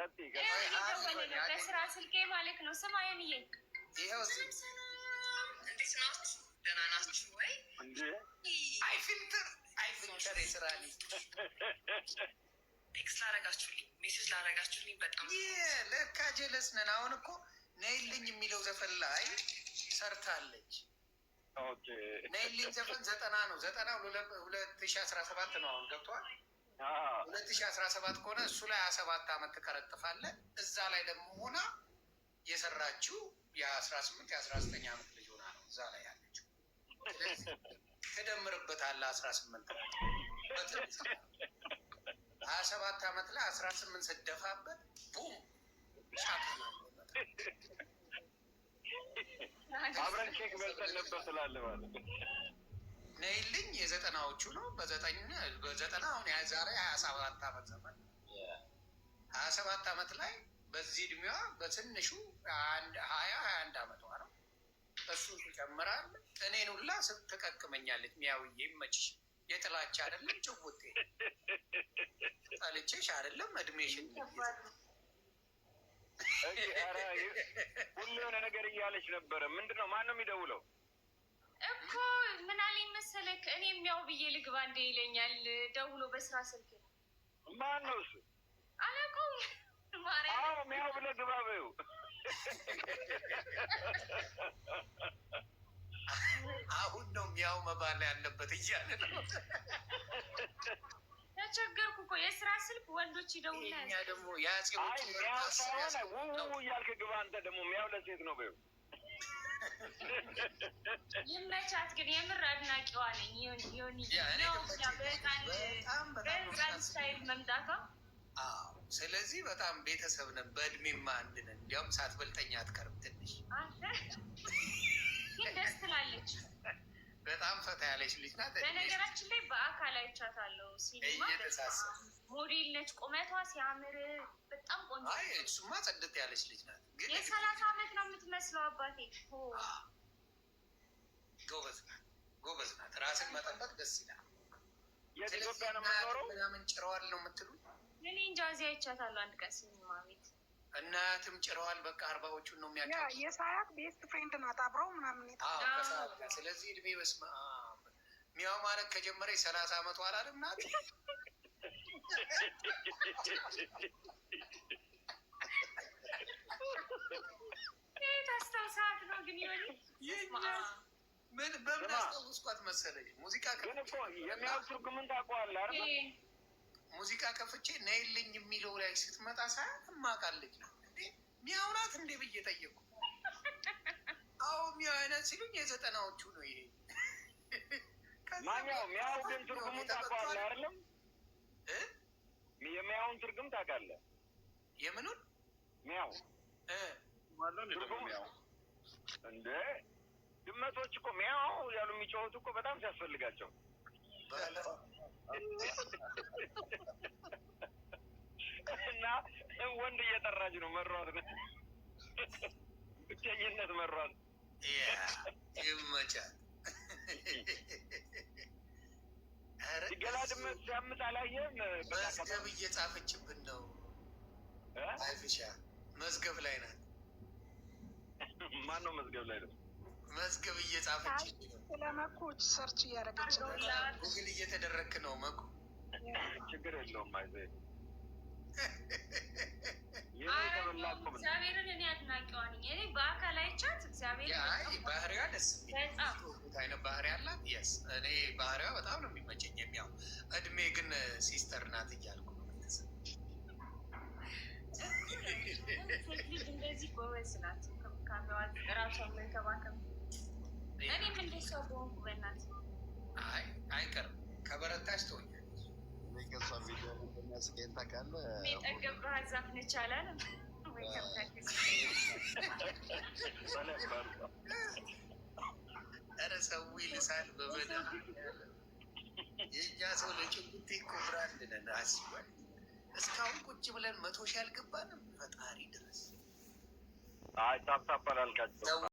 በስራ ስልኬ ማለት ነው። ስም አየንዬ እንዴት ናችሁ? ደህና ናችሁ ወይ? አይ ፊልተር አይ ፊልተር የስራ ቴክስት ላረጋችሁልኝ፣ ሜሴጅ ላረጋችሁልኝ በጣም ለካ ጀለስ ነን። አሁን እኮ ነይልኝ የሚለው ዘፈን ላይ ሰርታለች። ነይልኝ ዘፈን ዘጠና ነው ዘጠና ሁለት ሺህ አስራ ሰባት ነው አሁን ገብተዋል ሁለት ሺ አስራ ሰባት ከሆነ እሱ ላይ ሀያ ሰባት አመት ትከረጥፋለህ። እዛ ላይ ደግሞ ሆና የሰራችው የአስራ ስምንት የአስራ ዘጠኝ አመት ልጅ ሆና ነው እዛ ላይ ያለችው። ትደምርበታለህ አስራ ስምንት ሀያ ሰባት አመት ላይ አስራ ስምንት ስደፋበት ቡም አብረን ኬክ በልተን ነበር ስላለ ማለት ነይልኝ በሀያዎቹ ነው በዘጠኝ በዘጠና አሁን ዛሬ ሀያ ሰባት አመት ዘመን ሀያ ሰባት አመት ላይ በዚህ እድሜዋ በትንሹ ሀያ ሀያ አንድ አመቷ ነው። እሱ ይጨምራል። እኔን ሁላ ትቀቅመኛለች። ሚያውዬ ይመችሽ። የጥላቻ አይደለም ጭውቴ ጠልቼሽ አይደለም እድሜሽን ሁሉ የሆነ ነገር እያለች ነበረ። ምንድን ነው ማን ነው የሚደውለው? ምን አለኝ መሰለህ፣ እኔ የሚያው ብዬ ልግባ እንዴ ይለኛል ደውሎ በስራ ስልክ ነው። ማነው እሱ? አላውቀውም። ማርያም ሚያው ብለህ ግባ በይው። አሁን ነው ሚያው መባል ያለበት እያለ ነው። ተቸገርኩ እኮ የስራ ስልክ ወንዶች ይደውላል። እኛ ደግሞ ሆነ ውው እያልክ ግባ አንተ ደግሞ ሚያው ለሴት ነው በይው ይመቻት። ግን የምር አድናቂዋ ነኝ። በህፃን ስታይል መምጣቷ ስለዚህ በጣም ቤተሰብ ነን፣ በእድሜማ አንድ ነን። እንዲያውም ሳትበልጠኛ አትቀርም። ትንሽ ግን ደስ ትላለች። በጣም ፈታ ያለች ልጅ ናት። በነገራችን ላይ በአካል አይቻታለሁ። ሲኒማ ሞዴል ነች። ቁመቷ ሲያምር በጣም ቆንጆ። እሱማ ጽድት ያለች ልጅ ናት። የሰላሳ ዓመት ነው የምትመስለው አባቴ። ጎበዝ ናት፣ ጎበዝ ናት። ራስን መጠበቅ ደስ ይላል። ምናምን ጭረዋል ነው የምትሉ? እኔ እንጃ እዚያ ይቻታል። አንድ ቀን ሲኒማ ቤት እናትም ጭረዋል። በቃ አርባዎቹን ነው የሚያ የሳያት ቤስት ፍሬንድ ናት። አብረው ምናምን ስለዚህ እድሜ በስመ አብ የሚያው ማለት ከጀመረ የሰላሳ ዓመቱ አላለም ናት ምን በምን አስታውስኳት መሰለኝ። ሙዚቃ የሚያው ትርጉምን ታውቀዋለህ አይደል? ሙዚቃ ከፍቼ ነይልኝ የሚለው ላይ ስትመጣ ሳያት እማቃለች ነው እንዴ ሚያውናት እንዴ ብዬ ጠየቁ። አዎ ሚያው አይነት ሲሉኝ የዘጠናዎቹ ነው ይሄ። ማኛው ሚያው ግን ትርጉሙን ታውቀዋለህ አይደለም? የሚያውን ትርጉም ታውቃለህ? የምኑን ሚያው ትርጉም እንደ ድመቶች እኮ ሚያው ያሉ የሚጫወቱ እኮ በጣም ሲያስፈልጋቸው እና ወንድ እየጠራች ነው መሯት ነው ብቸኝነት መሯት ይመቻል። ገላ ድመት ሲያምጥ አላየም። መዝገብ እየጻፈችብን ነው። አይፍሻ መዝገብ ላይ ናት። ማን ነው መዝገብ ላይ ነው? መዝገብ እየጻፈች ስለ መኩ ሰርች እያደረገች ጉግል እየተደረክ ነው። መኩ ችግር የለውም። እግዚአብሔርን እኔ አድናቂዋ እኔ በአካል አይቻት እግዚአብሔር ባህሪዋ ደስ አይነት ባህሪ አላት። የስ እኔ ባህሪዋ በጣም ነው የሚመቸኝ። የሚያው እድሜ ግን ሲስተር ናት እያልኩ አይ አይቀርም፣ ከበረታሽ ትሆኛለሽ። ኧረ ሰው ይልሳል በመድኃኒዓለም የእኛ ሰው ለጭንቁቴ እኮ ብራንድ ነን አስባል እስካሁን ቁጭ ብለን መቶ ሺህ አልገባንም። ፈጣሪ ድረስ አይ ታብታባል አልካቸው